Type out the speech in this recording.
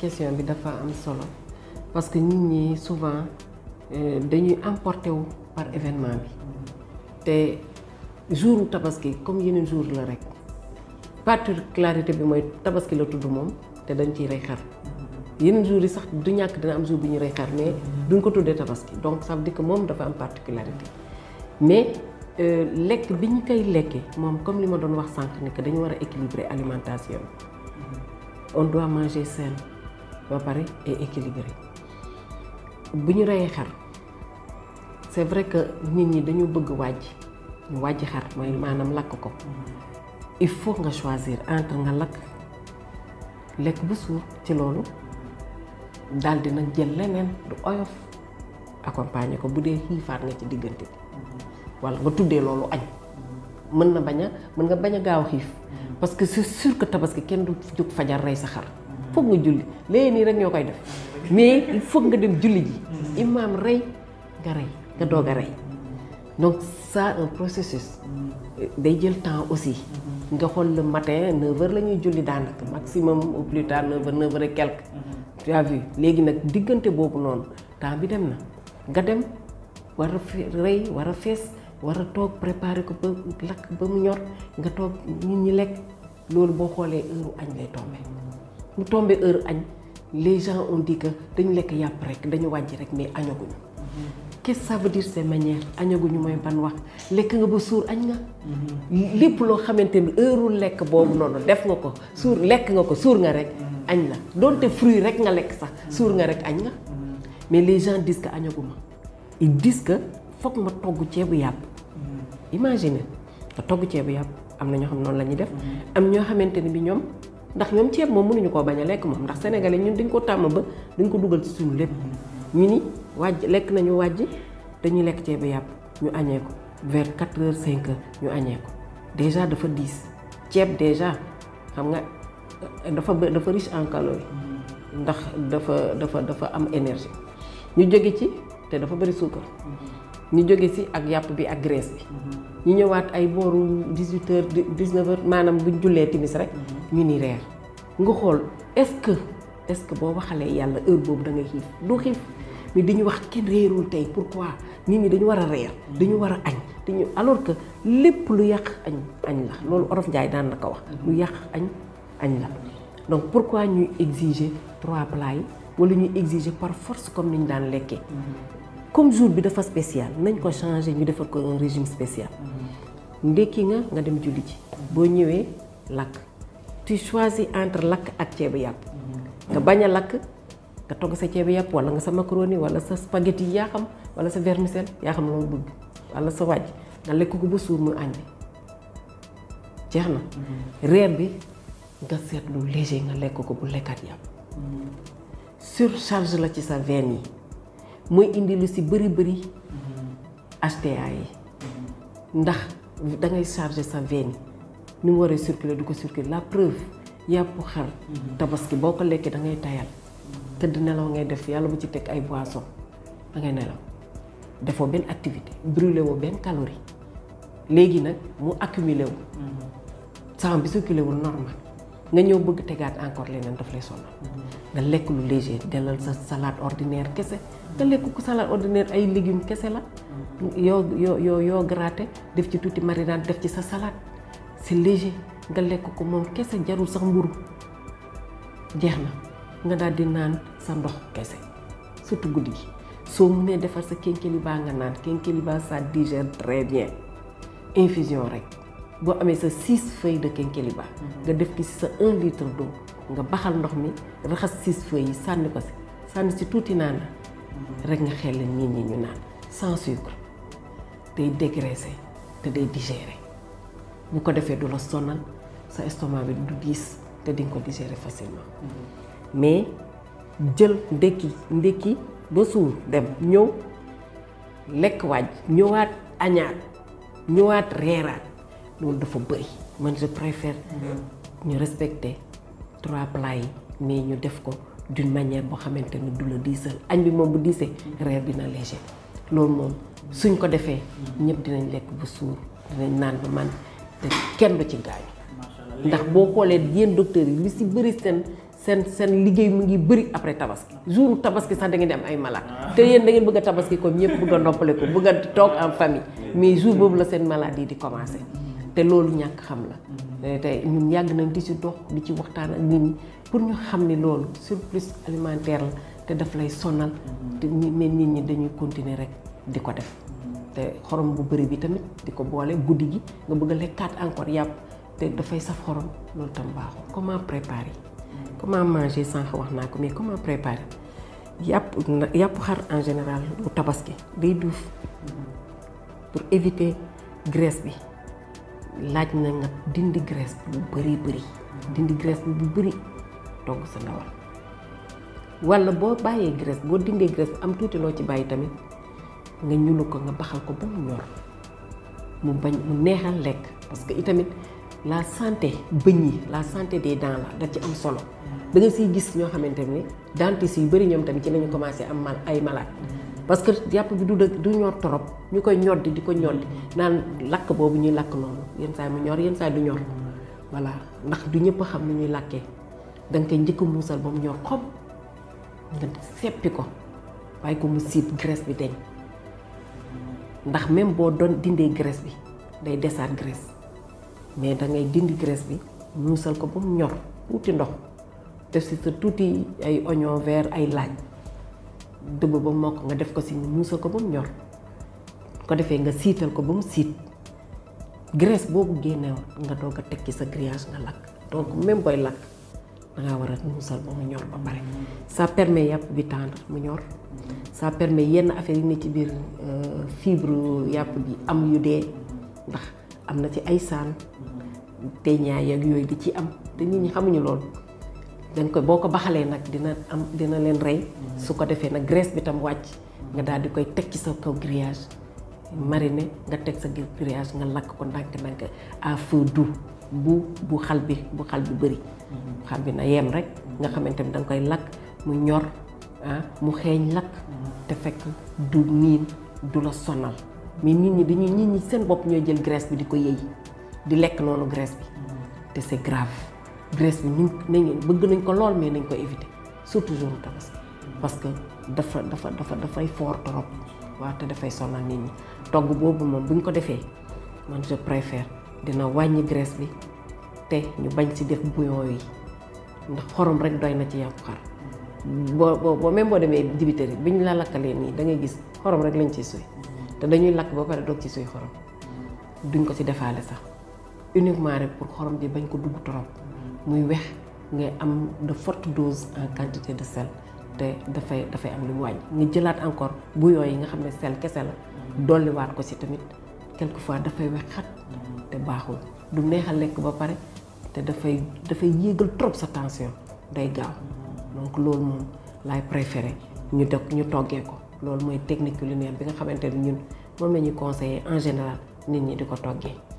question bi dafa am solo parce que nit ñi souvent euh, dañuy emporté wu par événement bi te jouru tabaski comme yeneen jour la rek particularité bi mooy tabaski la tudd moom te dañ ci rey xar yeneen jour yi sax du ñàkk dina am jour bi ñu rey xar mais duñ ko tuddee tabaski donc sax veut dire moom dafa am particularité mais euh, lekk bi ñu koy lekkee moom comme li ma doon wax sànq ni que dañu war a équilibrer alimentation on doit manger sain ba pare et équilibré bu ñu reyee xar c'est vrai que nit ñi dañu bëgg wàjj ñu wàjj xar mooy maanaam lakk ko il faut nga choisir entre nga lakk lekk bu suur ci loolu daal di nag jël leneen du oyof accompagner ko bu dee xiifaat nga ci diggante bi wala nga tuddee loolu añ mën na bañ a mën nga bañ a gaaw xiif parce que c'est sûr que tabaski kenn du jóg fajar rey sa xar foog nga julli léegi nii rek ñoo koy def mais foog nga dem julli ji imaam rey nga rey nga doog rey donc sa un processus day jël temps aussi nga xool le matin 9h la ñuy julli daanaka maximum au plus tard 9h 9h et quelque. tu léegi nag diggante boobu noonu temps bi dem na nga dem war a rey war a fees war a toog préparer ko ba lakk ba mu ñor nga toog nit ñi lekk loolu boo xoolee heure añ lay tombé. mu tombé heure añ les gens ont dit que dañu lekk yàpp rek dañu wàññi rek mais añaguñu qu'est-ce que ça veut añaguñu mooy ban wax lekk nga ba suur añ nga lépp loo xamante ni heure lekk boobu noonu def nga ko suur lekk nga ko suur nga rek añ la donte fruit rek nga lekk sax suur nga rek añ nga mais les gens disent que añaguma ils disent ma togg ceebu yàpp imagine nga togg ceebu yàpp am na ñoo xam noonu la ñuy def am ñoo xamante ni bi ñoom ndax ñoom ceeb moom mënuñu koo bañ a lekk moom ndax sénégalais ñun dañ ko tàmm ba dañ ko dugal ci suñu lépp ñu ni wàjj lekk nañu wàjj dañuy lekk ceeb bi yàpp ñu añee ko vers quatre cinq heures ñu añee ko dafa diis ceeb déjà xam nga euh, dafa dafa riche en ndax dafa dafa dafa am énergie ñu jóge ci te dafa bëri suukar ñu jóge si ak yàpp bi ak graisse bi. ñu ñëwaat ay booru 18 heures 19 heures maanaam buñ jullee timis rek. ñu ni reer nga xool est-ce que est-ce que boo waxalee yàlla heure boobu da ngay xiif du xiif di dañu wax kenn réerul tey pourquoi nit ñi dañu war a reer. dañu war a añ te ñu alors que lépp lu yàq añ añ la loolu Olof Njaay daan na ko wax. lu yàq añ añ la donc pourquoi ñuy exiger trois plats yi wala ñuy exiger par force comme ni ñu daan lekkee. comme jour bi dafa spécial nañ ko changer ñu defal ko un régime spécial ndekki nga nga dem julli ji boo ñëwee lakk tu choisis entre lakk ak ceebu yàpp nga bañ a lakk nga togg sa ceebu yàpp wala nga sa macaroni wala sa spaghetti yaa xam wala sa vermicelle yaa xam loolu bëgg wala sa wàjj nga lekk ko ba suur mu añ jeex na reer bi nga seetlu léger nga lekk ko bu lekkaat yàpp mm. surcharge la ci sa veine mooy indi lu si bëri bëri HTA yi ndax da ngay chargé sa veine ni mu waree circuler du ko circuler la preuve yàpp xar mhm. tabaski boo ko lekkee da ngay tayal tëdd nelaw ngay def yàlla bu ci teg ay boisson da ngay nelaw defoo benn activité brûlé woo benn calorie léegi nag mu accumulé wu mhm. sang bi circulé wul normal nga ñëw bëgg tegaat encore leneen daf lay sonal nga lekk lu léger delal sa salaat ordinaire kese nga lekk ko salade ordinaire ay légumes kese la yoo yoo yoo yoo def ci tuuti marinade def ci sa salade si léger nga lekk ko moom kese jarul sax mburu jeex na nga daal di naan sa ndox kese surtout guddi gi soo mënee defar sa kénkeliba nga naan kénkeliba ça digère très bien infusion rek boo amee sa six feuilles de quinqueliba nga def ki si sa un litre d'eau nga baxal ndox mi raxas six feuilles yi sànni ko si sànni si tuuti naan la nga xel nit ñi ñu naan sans sucre day dégraisser te day digérer bu ko defee du la sonal sa estomac bi du diis te di ko digérer facilement mais jël ndékki ndékki ba suur dem ñëw lekk waaj ñëwaat añaat ñëwaat reeraat loolu dafa bëri man je préfère ñu respecter trois plats yi mais ñu def ko d'une manière boo xamante ni du la diisal añ bi moom bu diisee reer bi na léger loolu moom suñ ko defee ñëpp dinañ lekk bu suur dinañ naan ba man te kenn du ci gaañu ndax boo xoolee yéen docteurs yi li si bëri seen seen seen liggéey mu ngi bëri après tabaski jour tabaski sax da ngeen di am ay malade te yéen da ngeen bëgg tabaski comme ñëpp bëgg a noppale ko bëgg a toog en famille mais jour boobu la seen malade di commencer te loolu ñàkk xam la eh, tey ñun yàgg nañ di ci dox di ci waxtaan ak nit ñi pour ñu xam ni loolu surplus alimentaire la te daf lay sonal te mais nit ñi dañuy continuer rek di ko def te xorom bu bëri bi tamit di ko boole guddi gi nga bëgg a lekkaat encore yàpp te dafay saf xorom loolu tam baaxul comment préparer comment manger sànq wax naa ko mais comment préparer yàpp yàpp xar en général bu tabaski day duuf pour éviter graisse bi laaj na nga dindi graisse bu bëri bëri dindi graisse bu bëri togg sa ndawal walla boo bàyyee graisse boo dindee graisse am tuuti loo ci bàyyi tamit nga ñulu ko nga baxal ko ba mu ñor mu bañ mu neexal lekk parce que itamit la santé bëñ yi la santé des dents la da ci am solo da nga siy gis ñoo xamante ne dentiste yu bari ñoom tamit ci lañu commencé am mal ay malade parce que yàpp bi du dëgg du ñor torop ñu koy ñoddi di ko ñoddi naan lakk boobu ñuy lakk noonu yenn saa mu ñor yenn saa du ñor voilà ndax du ñëpp xam ni ñuy lakkee da nga koy njëkk muusal ba mu ñor xob ko bàyyi ko mu bi deñ ndax même boo doon dindee graisse bi day desaat graisse mais da ngay dindi graisse bi muusal ko ba mu ndox def si sa tuuti ay oignon vert ay laaj dugg ba mokk nga def ko si nga muusal ko ba mu ñor ko defee nga siital ko ba mu siit graisse boobu génne nga doog a teg ci sa grillage nga lakk donc même booy lakk da war a muusal ba mu ñor ba pare. ça permet yàpp bi tendre mu ñor sa permet yenn affaire yi ne ci biir euh, fibre yàpp bi am yu dee ndax am na ci ay saan te ñaay ak yooyu di ci am te nit ñi xamuñu loolu. dañ koy boo ko baxalee nag dina am dina leen rey su ko defee nag graisse bi tam wàcc nga daal di koy teg ci sa kaw grillage mariné nga teg sa grillage nga lakk ko ndànk-ndànk à feu doux bu xal bi bu xal bi bëri mhm. xal na yem rek nga mhm. xamante ni da koy lakk mu ñor ah mu xeeñ lakk mhm. te fekk du niin du la sonal mais nit ñi dañuy nit ñi seen bopp ñooy jël graisse bi di ko yëy di lekk noonu graisse bi te c'est grave graisse bi ñu nañ bëgg nañ ko lool mais nañ ko éviter surtout jour tabaski parce que dafa dafa dafa dafay foor trop waaw te dafay sonal nit ñi togg boobu moom bu ñu ko defee man je préfère dina wàññi graisse bi te ñu bañ si def bouillon yi ndax xorom rek doy na ci yàpp xar boo boo même boo demee dibiteri bi ñu la lakkalee nii da ngay gis xorom rek lañ ciy suy te dañuy lakk ba pare doog ci suy xorom duñ ko ci defaale sax uniquement rek pour xorom ji bañ ko dugg trop. muy wex ngay am de forte dose en quantité de sel te dafay dafay am lu mu wàññi nga jëlaat encore bouillon yi nga xam ne sel kese la dolliwaat ko ci tamit fois dafay wex xat te baaxul du neexal lekk ba pare te dafay dafay yéegal trop sa tension day gaaw donc loolu moom laay préféré ñu def ñu toggee ko loolu mooy technique culinaire bi nga xamante ni ñun moom la ñu conseiller en général nit ñi di ko toggee